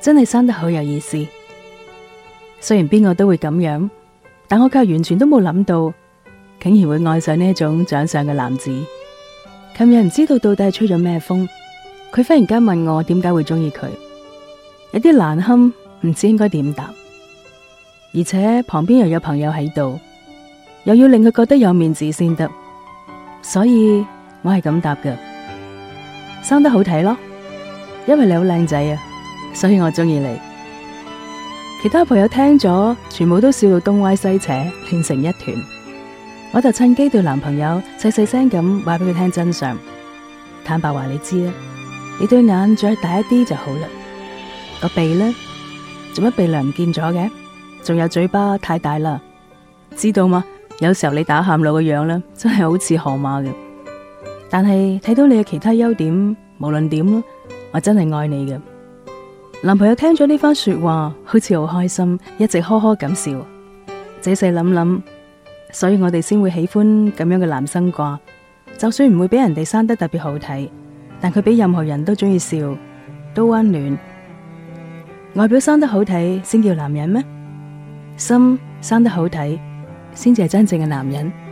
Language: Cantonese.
真係生得好有意思，雖然邊個都會咁樣，但我卻完全都冇諗到，竟然會愛上呢一種長相嘅男子。琴日唔知道到底係吹咗咩風，佢忽然間問我點解會中意佢，有啲難堪，唔知應該點答。而且旁邊又有朋友喺度，又要令佢覺得有面子先得，所以我係咁答㗎：生得好睇咯，因為你好靚仔啊。所以我中意你。其他朋友聽咗，全部都笑到東歪西扯，亂成一團。我就趁機對男朋友細細聲咁話俾佢聽真相。坦白話，你知啦，你對眼再大一啲就好啦。個鼻咧，做乜鼻梁唔見咗嘅？仲有嘴巴太大啦，知道嗎？有時候你打喊路嘅樣咧，真係好似河馬嘅。但係睇到你嘅其他優點，無論點咯，我真係愛你嘅。男朋友聽咗呢番說話，好似好開心，一直呵呵咁笑。仔細諗諗，所以我哋先會喜歡咁樣嘅男生啩。就算唔會俾人哋生得特別好睇，但佢比任何人都中意笑，都溫暖。外表生得好睇先叫男人咩？心生得好睇先至係真正嘅男人。